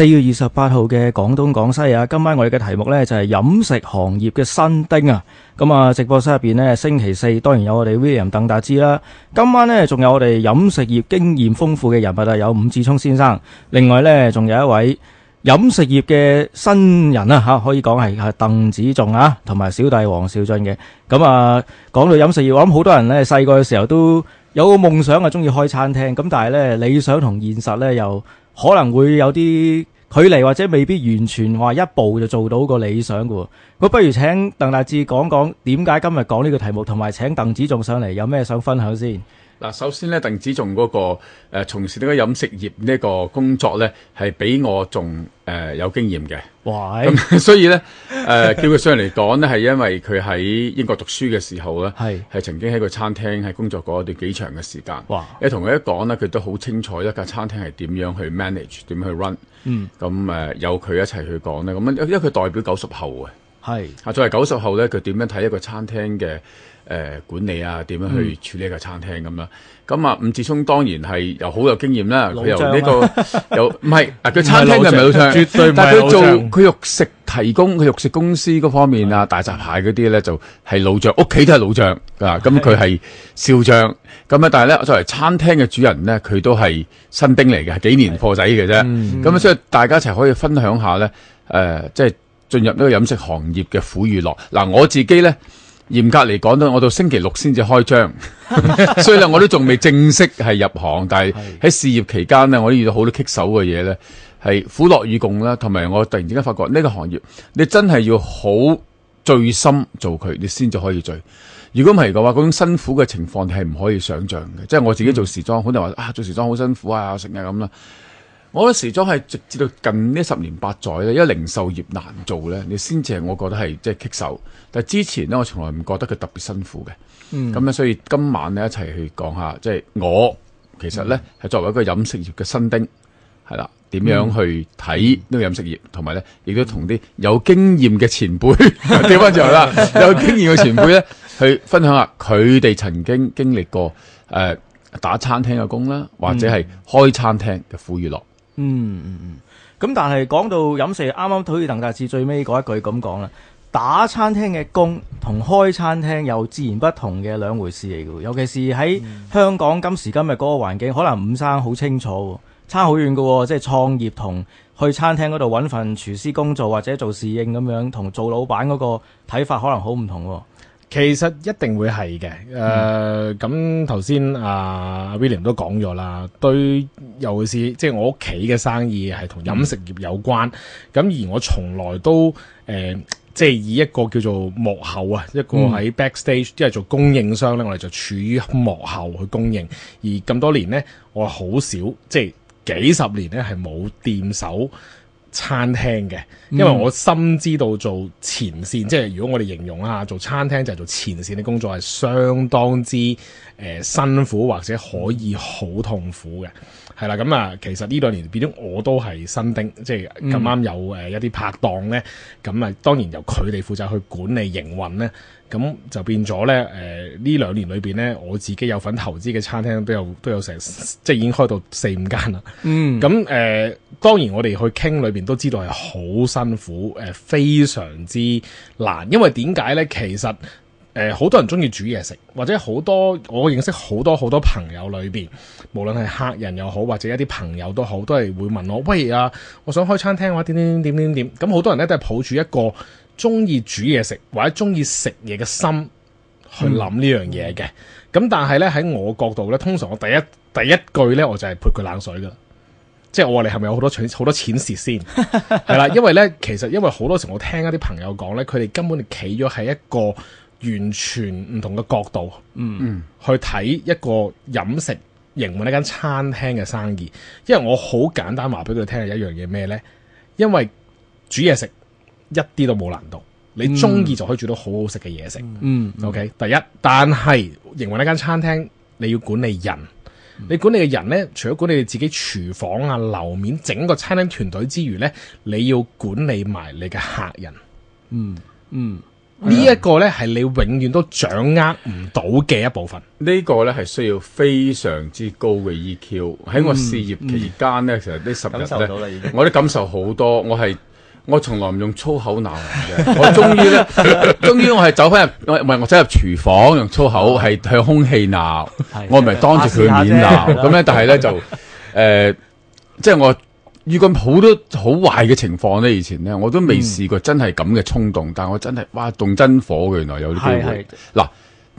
四月二十八號嘅廣東廣西啊，今晚我哋嘅題目咧就係飲食行業嘅新丁啊。咁啊，直播室入邊咧，星期四當然有我哋 William 鄧達智啦。今晚咧仲有我哋飲食業經驗豐富嘅人物啊，有伍智聰先生。另外咧，仲有一位飲食業嘅新人啊，吓可以講係係鄧子頌啊，同埋小弟王兆俊嘅。咁啊，講到飲食業，我諗好多人咧細個嘅時候都有個夢想啊，中意開餐廳。咁但係咧，理想同現實咧又可能會有啲。距離或者未必完全話一步就做到個理想嘅喎，咁不如請鄧達智講講點解今日講呢個題目，同埋請鄧子頌上嚟有咩想分享先。嗱，首先咧，鄧子頌嗰、那個誒從、呃、事呢個飲食業呢個工作咧，係比我仲誒、呃、有經驗嘅。哇喂！咁所以咧，誒、呃、叫佢上嚟講咧，係 因為佢喺英國讀書嘅時候咧，係係是曾經喺個餐廳喺工作過一段幾長嘅時間。哇！你一同佢一講咧，佢都好清楚一間餐廳係點樣去 manage，點去 run。嗯，咁誒、呃、有佢一齊去講咧，咁啊，因為佢代表九十後啊。係啊，作為九十後咧，佢點樣睇一個餐廳嘅誒管理啊？點樣去處理一個餐廳咁啦？咁啊，伍智聰當然係又好有經驗啦。老將啊，佢由呢個，有唔係啊？佢餐廳就唔係老將，絕對唔係老將。但係佢做佢肉食提供，佢肉食公司嗰方面啊，大閘蟹嗰啲咧，就係老將，屋企都係老將啊。咁佢係少將咁啊。但係咧，作為餐廳嘅主人咧，佢都係新丁嚟嘅，係幾年破仔嘅啫。咁所以大家一齊可以分享下咧，誒，即係。進入呢個飲食行業嘅苦與樂，嗱，我自己呢，嚴格嚟講呢，我到星期六先至開張， 所以我都仲未正式係入行，但係喺事業期間呢，我都遇到好多棘手嘅嘢，呢係苦樂與共啦。同埋我突然之間發覺呢、呢個行業，你真係要好醉心做佢，你先至可以醉。如果唔係嘅話，嗰種辛苦嘅情況你係唔可以想象嘅。即係我自己做時裝，可能話啊做時裝好辛苦啊，食日咁啦。我覺得時裝係直至到近呢十年八載咧，因為零售業難做咧，你先至係我覺得係即係棘手。但係之前咧，我從來唔覺得佢特別辛苦嘅。咁咧、嗯，所以今晚咧一齊去講下，即係我其實咧係作為一個飲食業嘅新丁，係啦，點樣去睇呢個飲食業，同埋咧亦都同啲有經驗嘅前輩調返轉頭啦，有經驗嘅前輩咧去分享下佢哋曾經經歷過誒、呃、打餐廳嘅工啦，或者係開餐廳嘅苦與樂。嗯嗯嗯，咁但係講到飲食，啱啱好似鄧達智最尾嗰一句咁講啦，打餐廳嘅工同開餐廳有自然不同嘅兩回事嚟嘅喎，尤其是喺香港今時今日嗰個環境，可能伍生好清楚，差好遠嘅喎，即係創業同去餐廳嗰度揾份廚師工作或者做侍應咁樣，同做老闆嗰個睇法可能好唔同喎。其實一定會係嘅，誒咁頭先阿 William 都講咗啦，對，尤其是即係我屋企嘅生意係同飲食業有關，咁、嗯、而我從來都誒、呃、即係以一個叫做幕後啊，一個喺 backstage、嗯、即係做供應商咧，我哋就處於幕後去供應，而咁多年呢，我好少即係幾十年呢，係冇掂手。餐廳嘅，因為我深知道做前線，嗯、即係如果我哋形容下，做餐廳就係做前線嘅工作，係相當之誒、呃、辛苦或者可以好痛苦嘅。係啦，咁啊，其實呢兩年變咗我都係新丁，即係咁啱有誒一啲拍檔咧，咁啊當然由佢哋負責去管理營運咧，咁就變咗咧誒呢兩年裏邊咧，我自己有份投資嘅餐廳都有都有成，即係已經開到四五間啦。嗯，咁誒當然我哋去傾裏邊都知道係好辛苦誒，非常之難，因為點解咧？其實誒，好多人中意煮嘢食，或者好多我認識好多好多朋友裏邊，無論係客人又好，或者一啲朋友都好，都係會問我，喂啊，我想開餐廳嘅話，點點點點點點，咁好多人咧都係抱住一個中意煮嘢食或者中意食嘢嘅心去諗、嗯、呢樣嘢嘅。咁但係咧喺我角度咧，通常我第一第一句咧，我就係潑佢冷水噶，即係我話你係咪有好多錢好多錢蝕先？係啦， 因為咧，其實因為好多時我聽一啲朋友講咧，佢哋根本係企咗喺一個。完全唔同嘅角度，嗯，去睇一個飲食營運、嗯、一間餐廳嘅生意，因為我好簡單話俾佢聽係一樣嘢咩呢？因為煮嘢食一啲都冇難度，你中意就可以煮到好好食嘅嘢食。嗯，OK。第一，但係營運一間餐廳，你要管理人，你管理嘅人呢，除咗管理你自己廚房啊、樓面、整個餐廳團隊之餘呢，你要管理埋你嘅客人。嗯嗯。嗯呢一個咧係你永遠都掌握唔到嘅一部分。呢個咧係需要非常之高嘅 EQ。喺我事業期間咧，嗯、其實呢十日咧，我都感受好多。我係我從來唔用粗口鬧人嘅。 我終於咧，終於我係走翻入唔係我走入廚房用粗口，係向空氣鬧。 我唔係當住佢面鬧咁咧。 但係咧就誒、呃，即係我。遇咁好多好壞嘅情況呢。以前呢，我都未試過真係咁嘅衝動，嗯、但係我真係哇動真火原來有啲機會。嗱是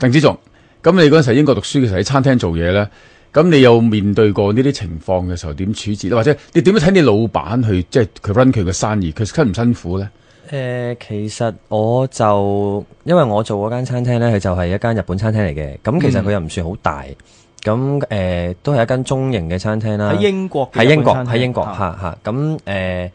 的，鄧子頌，咁你嗰陣時英國讀書嘅時候喺餐廳做嘢呢？咁你有面對過呢啲情況嘅時候點處置呢？或者你點樣睇你老闆去即係佢 run 佢嘅生意，佢辛唔辛苦呢？誒、呃，其實我就因為我做嗰間餐廳呢，佢就係一間日本餐廳嚟嘅，咁其實佢又唔算好大。嗯嗯咁誒、呃、都係一間中型嘅餐廳啦，喺英，英國，喺英國，喺英國，嚇嚇、嗯。咁誒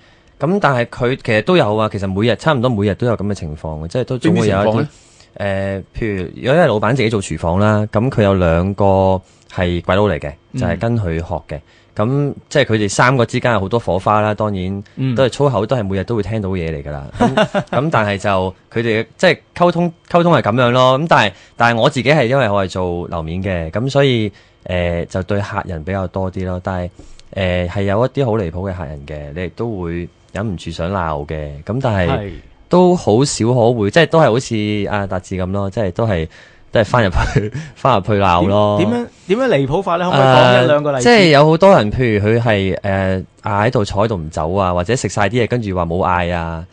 咁，但係佢其實都有啊。其實每日差唔多，每日都有咁嘅情況嘅，即係都都會有一啲誒、呃。譬如如果係老闆自己做廚房啦，咁佢有兩個係鬼佬嚟嘅，就係、是、跟佢學嘅。嗯咁即係佢哋三個之間有好多火花啦，當然都係粗口，嗯、都係每日都會聽到嘢嚟噶啦。咁 但係就佢哋即係溝通溝通係咁樣咯。咁但係但係我自己係因為我係做樓面嘅，咁所以誒、呃、就對客人比較多啲咯。但係誒係有一啲好離譜嘅客人嘅，你亦都會忍唔住想鬧嘅。咁但係是都好少可會，即係都係好似阿、啊、達智咁咯，即係都係。都係翻入去，翻入去鬧咯。點樣點樣離譜法咧？可唔可以講一兩個例子？即係有好多人，譬如佢係誒，嗌喺度坐喺度唔走啊，或者食晒啲嘢，跟住話冇嗌啊。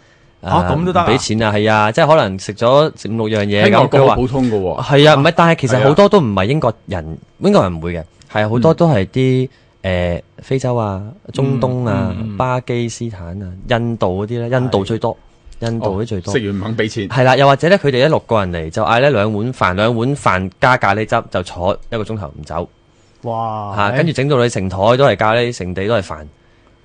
吓咁都得？俾錢啊，係啊，即係可能食咗五六樣嘢咁。佢話普通噶喎。係啊，唔係，但係其實好多都唔係英國人，英國人唔會嘅，係啊，好多都係啲誒非洲啊、中東啊、巴基斯坦啊、印度嗰啲咧，印度最多。印度啲最多，食完唔肯俾錢。係啦，又或者咧，佢哋一六個人嚟，就嗌咧兩碗飯，兩碗飯加咖喱汁，就坐一個鐘頭唔走。哇！吓、啊，欸、跟住整到你成枱都係咖喱，成地都係飯，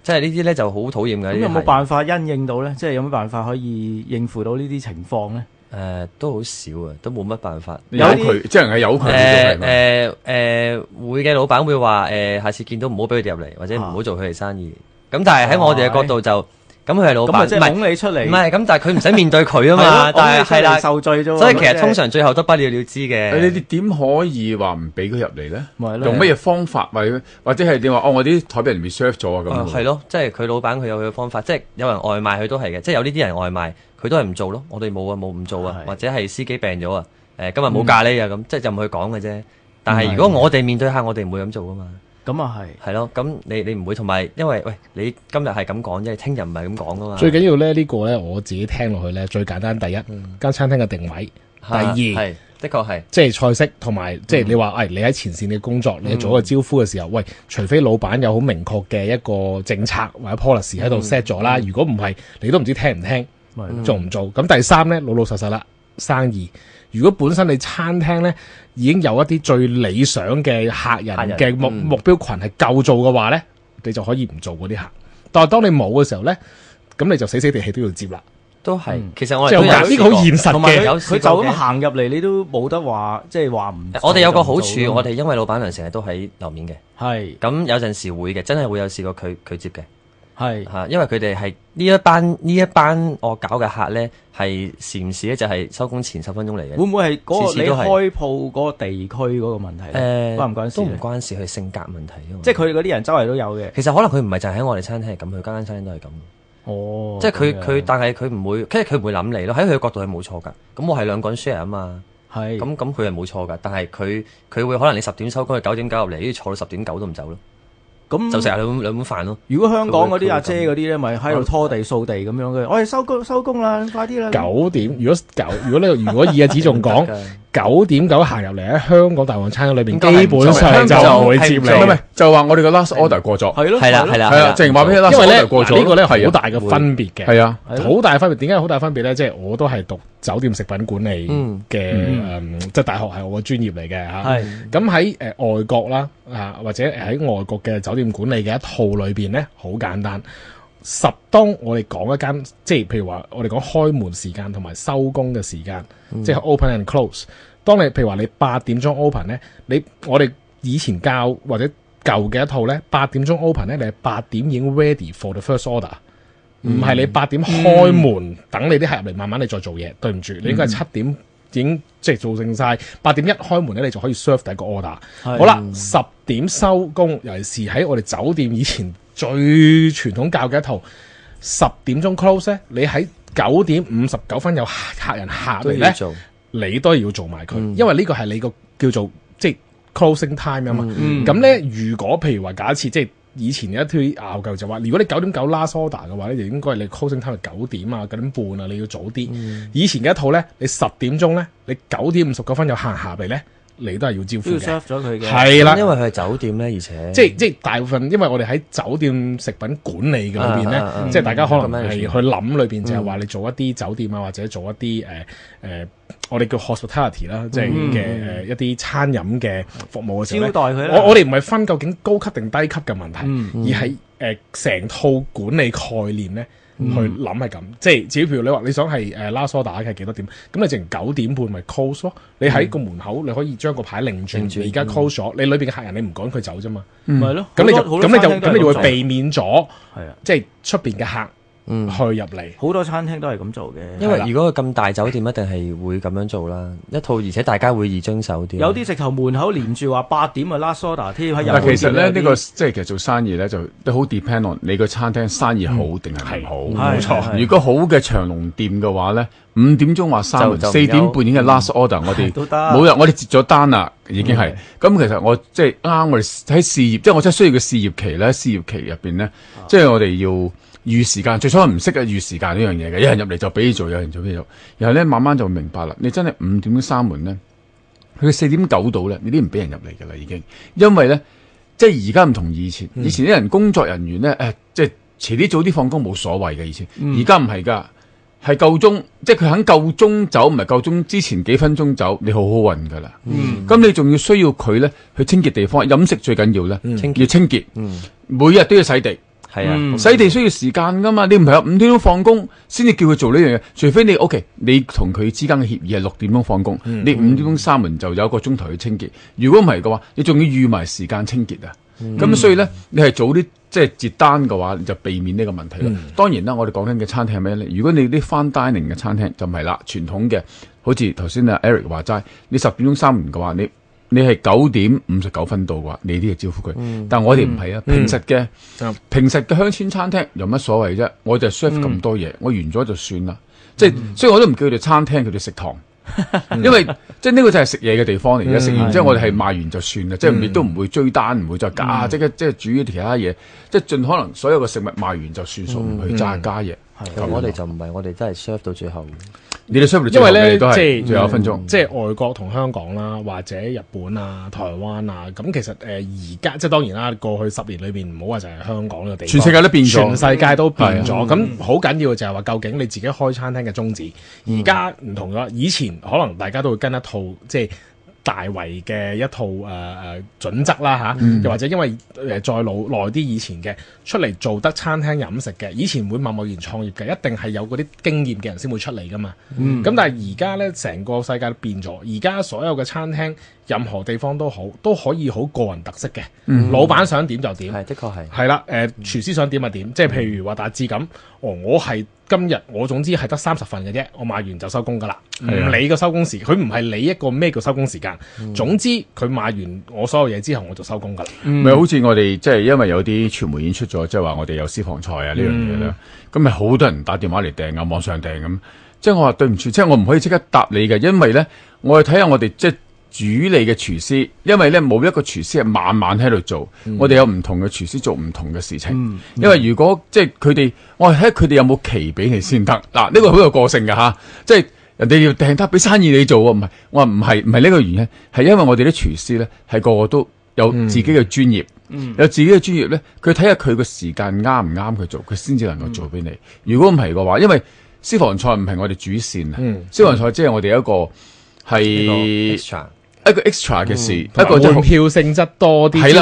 即係呢啲呢就好討厭㗎。咁、嗯、是有冇辦法因應到呢，即係有冇辦法可以應付到呢啲情況呢？誒，都好少啊，都冇乜辦法。有佢些，即係有佢。誒誒誒，會嘅老闆會話誒、呃，下次見到唔好俾佢哋入嚟，或者唔好做佢哋生意。咁、啊啊、但係喺我哋嘅角度就。啊哎咁佢係老闆，即係捧你出嚟。唔係咁，但係佢唔使面對佢啊嘛。但係係啦，受罪啫。是的所以其實通常最後都不了了之嘅。你哋點可以話唔俾佢入嚟咧？用咩方法的或者或者係點話？哦，我啲台被人 reserve 咗啊！咁係咯，即係佢老闆，佢有佢嘅方法。即係有人外賣，佢都係嘅。即係有呢啲人外賣，佢都係唔做咯。我哋冇啊，冇唔做啊，的或者係司機病咗啊。誒，今日冇咖喱啊咁，即係就唔去講嘅啫。但係如果我哋面對下，我哋唔會咁做啊嘛。咁啊係，係咯，就是，咁你你唔會同埋，因為喂，你今日係咁講即係，聽日唔係咁講噶嘛。最緊要咧呢，呢個咧，我自己聽落去咧，最簡單第一間，嗯、餐廳嘅定位，啊、第二係的，的確係即係菜式，同埋即係你話誒、嗯哎，你喺前線嘅工作，你做一個招呼嘅時候，嗯、喂，除非老闆有好明確嘅一個政策或者 policy 喺度 set 咗啦，嗯、如果唔係，你都唔知聽唔聽，做唔、嗯、做。咁、嗯、第三咧老老實實啦，生意。如果本身你餐廳呢，已經有一啲最理想嘅客人嘅目、客人，嗯、目標群係夠做嘅話呢，你就可以唔做嗰啲客。但係當你冇嘅時候呢，咁你就死死地氣都要接啦。都係是，嗯、其實我係說有啲好現實嘅，佢就咁行入嚟，你都冇得話，即係話唔。我哋有個好處，嗯、我哋因為老闆娘成日都喺樓面嘅，係咁的有陣時會嘅，真係會有試過佢佢接嘅。係嚇，是因為佢哋係呢一班呢一班我搞嘅客咧，係時唔時咧就係收工前十分鐘嚟嘅。會唔會係嗰、嗰個都你開鋪嗰個地區嗰個問題？誒唔、呃、關都唔關事，佢性格問題啫嘛。即係佢嗰啲人周圍都有嘅。其實可能佢唔係就喺我哋餐廳咁，佢間間餐廳都係咁。哦，即係佢佢，但係佢唔會，即係佢唔會諗你咯。喺佢角度係冇錯㗎。咁我係兩個人 share 啊嘛。係咁咁，佢係冇錯㗎。但係佢佢會可能你十點收工，佢九點九入嚟，你坐到十點九都唔走咯。咁那就成日兩碗飯咯。如果香港嗰啲阿姐嗰啲咧，咪喺度拖地、掃地咁樣嘅。我哋、嗯哎、收工收工啦，快啲啦。九點，如果九，如果你如果二阿姐仲講。 九點九行入嚟喺香港大旺餐廳裏邊，基本上就唔會接你。唔係就話我哋嘅 last order 過咗。係咯，係啦，係啦，係啦。淨係話畀你啦，因為咧呢個咧係好大嘅分別嘅。係啊，好大嘅分別。點解好大分別咧？即係我都係讀酒店食品管理嘅誒，即係大學係我嘅專業嚟嘅嚇。係。咁喺誒外國啦啊，或者喺外國嘅酒店管理嘅一套裏邊咧，好簡單。十當我哋講一間，即係譬如話，我哋講開門時間同埋收工嘅時間，嗯、即係 open and close。當你譬如話你八點鐘 open 呢，你我哋以前教或者舊嘅一套呢，八點鐘 open 呢，你係八點已經 ready for the first order，唔係、嗯、你八點開門、嗯、等你啲客入嚟慢慢，你再做嘢。對唔住，你應該係七點已經、嗯、即係做正晒。八點一開門呢，你就可以 serve 第一個 order 是。好啦，十、嗯、點收工，尤其是喺我哋酒店以前。最傳統教嘅一套，十點鐘 close 咧，你喺九點五十九分有客人下嚟咧，都你都要做埋佢，嗯、因為呢個係你個叫做即係 closing time 啊嘛、嗯。咁咧，如果譬如話假設即係以前有一推拗舊就話，如果你九點九 last order 嘅話咧，就應該係你 closing time 係九點啊、九點半啊，你要早啲。嗯、以前嘅一套咧，你十點鐘咧，你九點五十九分有客人下嚟咧。嗯嗯你都係要招呼咗佢，嘅，係啦了，因為佢係酒店咧，而且即即大部分，因為我哋喺酒店食品管理嘅裏邊咧，啊啊、即大家可能係、嗯 uh，去諗裏邊就係話你做一啲酒店啊，或者做一啲誒誒，我哋叫 hospitality 啦，即嘅誒一啲餐飲嘅服務嘅時候，我我哋唔係分究竟高級定低級嘅問題，嗯嗯、而係誒成套管理概念咧。嗯、去諗係咁，即係至於譬如你話你想係誒 last order 嘅係幾多點，咁你淨九點半咪 close 咯。嗯、你喺個門口你可以將個牌擰轉,轉，而家 close 咗。你裏邊嘅客人你唔趕佢走啫嘛，唔係咯。咁你就咁多你就咁你就你會避免咗，係啊的，即係出邊嘅客。嗯，去入嚟，好多餐廳都係咁做嘅。因為如果咁大酒店一定係會咁樣做啦，的一套，而且大家會易遵守啲。有啲直頭門口連住話八點啊 last order 添喺入。的其實呢呢些、呢個即係其實做生意呢，就都好 depend on 你個餐廳生意好定係唔好。冇的錯，如果好嘅長龍店嘅話呢。五點鐘話三門，四點半已經係 last order，、嗯、我哋冇啦，我哋截咗單啦，已經係。咁 Okay. 其實我即係啱我哋喺事業，即、就、係、是、我真係需要個事業期咧。事業期入邊咧，即、就、係、是、我哋要預時間。最初我唔識啊預時間呢樣嘢嘅，有人入嚟，就俾你做，有人做俾做。然後咧慢慢就會明白啦。你真係五點鐘三門咧，佢四點九到咧，你都唔俾人入嚟噶啦已經。因為咧，即係而家唔同以前，以前啲人工作人員咧，誒、呃，即係遲啲早啲放工冇所謂嘅。以前，而家唔係噶。係夠鐘，即係佢肯夠鐘走，唔係夠鐘之前幾分鐘走，你好好運噶啦。嗯，咁你仲要需要佢咧去清潔地方，飲食最緊要咧，嗯、清潔要清潔。嗯，每日都要洗地。係啊，嗯、洗地需要時間噶嘛，你唔係有五點鐘放工先至叫佢做呢樣嘢，除非你 OK，你同佢之間嘅協議係六點鐘放工，嗯、你五點鐘閂門就有一個鐘頭去清潔。如果唔係嘅話，你仲要預埋時間清潔啊。咁、嗯嗯、所以咧，你係早啲。即係接單嘅話，就避免呢個問題咯。嗯、當然啦，我哋講緊嘅餐廳係咩咧？如果你啲 fine dining 嘅餐廳就唔係啦。傳統嘅，好似頭先阿 Eric 話齋，你十點鐘三完嘅話，你你係九點五十九分到嘅話，你啲係招呼佢。嗯、但係我哋唔係啊，平實嘅、嗯、平實嘅鄉村餐廳有乜所謂啫？我就 serve 咁多嘢，嗯、我完咗就算啦。即係，所以我都唔叫佢哋餐廳，叫佢哋食堂。 因為即係呢個就係食嘢嘅地方嚟嘅，食、嗯、完之後我哋係賣完就算啦，即係亦都唔會追單，唔、嗯、會再加，嗯、即係即係煮啲其他嘢，即係盡可能所有嘅食物賣完就算數，唔、嗯、去再加加嘢。咁的我哋就唔係，我哋真係 serve 到最後。你哋因為咧、嗯，即係仲有一分鐘，即係外國同香港啦、啊，或者日本啊、台灣啊，咁其實誒而家即係當然啦，過去十年裏邊唔好話就係香港嘅地方，全世界都變咗。全世界都變咗，咁好緊要嘅就係話究竟你自己開餐廳嘅宗旨，而家唔同咗。嗯、以前可能大家都會跟一套，即係。大圍嘅一套誒誒、呃、準則啦嚇，嗯、又或者因為誒再老耐啲以前嘅出嚟做得餐廳飲食嘅，以前會貿貿然創業嘅，一定係有嗰啲經驗嘅人先會出嚟噶嘛。咁、嗯、但係而家咧，成個世界都變咗，而家所有嘅餐廳。任何地方都好，都可以好個人特色嘅、嗯、老闆想點就點，係的確係係啦。誒，呃嗯、廚師想點就點。即係譬如話大致咁哦，我係今日我總之係得三十份嘅啫，我賣完就收工噶啦，唔理個收工時，佢唔係理一個咩叫收工時間。嗯、總之佢賣完我所有嘢之後，我就收工噶啦。咪、嗯、好似我哋即係因為有啲傳媒已經出咗，即係話我哋有私房菜啊呢樣嘢啦，咁咪好多人打電話嚟訂啊，網上訂咁。即係我話對唔住，即係我唔可以即刻答你嘅，因為呢，我係睇下我哋即主理嘅廚師，因為咧冇一個廚師係晚晚喺度做，嗯、我哋有唔同嘅廚師做唔同嘅事情。嗯嗯、因為如果即係佢哋，我睇下佢哋有冇期俾你先得。嗱、嗯，呢個好有個性嘅吓，即係人哋要訂得俾生意你做啊，唔係我話唔係唔係呢個原因，係因為我哋啲廚師咧係個，個個都有自己嘅專業，嗯、有自己嘅專業咧，佢睇下佢個時間啱唔啱佢做，佢先至能夠做俾你。嗯、如果唔係嘅話，因為私房菜唔係我哋主線啊、嗯，私房菜即係我哋一個係。一個 extra 嘅事，一個門票性質多啲，係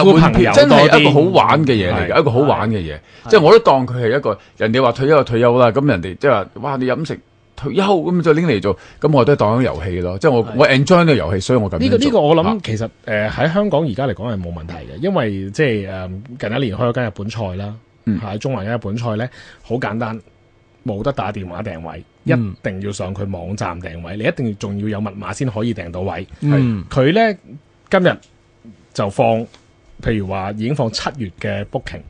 啦，真係一個好玩嘅嘢嚟嘅。一個好玩嘅嘢。即係我都當佢係一個，人哋話退休就退休啦，咁人哋即係話，哇，你飲食退休咁就拎嚟做，咁我都係當咗遊戲咯。即係我我 enjoy 呢個遊戲，所以我咁呢個呢個我諗其實誒喺香港而家嚟講係冇問題嘅，因為即係誒近一年開咗間日本菜啦，喺中環嘅日本菜咧好簡單，冇得打電話訂位。嗯、一定要上佢網站訂位，你一定要仲要有密碼先可以訂到位。佢、嗯、呢今日就放，譬如話已經放七月嘅 booking。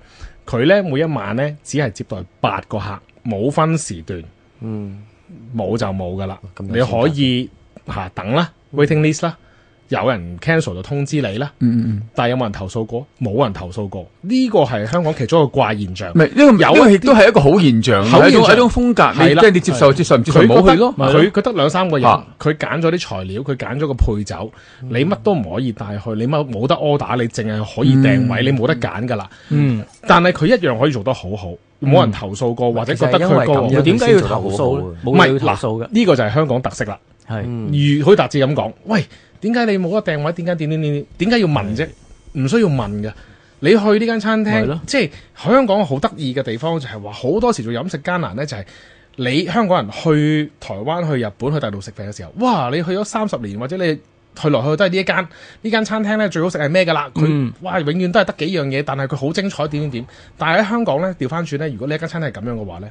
佢呢每一晚呢只係接待八個客，冇分時段。嗯，冇就冇噶啦。嗯、你可以嚇、嗯、等啦，waiting list 啦。有人 cancel 就通知你啦，嗯嗯但係，有冇人投訴過？冇人投訴過，呢個係香港其中一個怪現象。唔，呢個有，亦都係一個好現象。佢用一種風格，你即係你接受接受唔接受冇去咯。佢佢得兩三個人，佢揀咗啲材料，佢揀咗個配酒，你乜都唔可以帶去，你乜冇得 order，你淨係可以訂位，你冇得揀噶啦。嗯，但係佢一樣可以做得好好，冇人投訴過或者覺得佢高，點解要投訴，冇唔係投訴嘅，呢個就係香港特色啦。係如可以達智咁講，喂！點解你冇得訂位？點解點點點點？點解要問啫？唔需要問噶。你去呢間餐廳，的即係香港好得意嘅地方，就是，就係話好多時做飲食艱難呢，就係、是、你香港人去台灣、去日本、去大陸食飯嘅時候，哇！你去咗三十年，或者你去來去都係 呢一間呢間餐廳咧，最好食係咩噶啦？佢哇，永遠都係得幾樣嘢，但係佢好精彩點點點。但係喺香港咧，調翻轉咧，如果呢間餐廳係咁樣嘅話呢，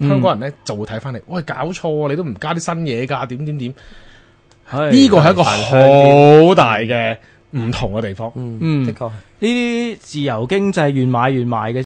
香港人呢就會睇翻你，嗯、喂，搞錯、啊、你都唔加啲新嘢噶，點點點。呢個係一個好大嘅唔同嘅地方。嗯，的確呢啲自由經濟願買願賣嘅。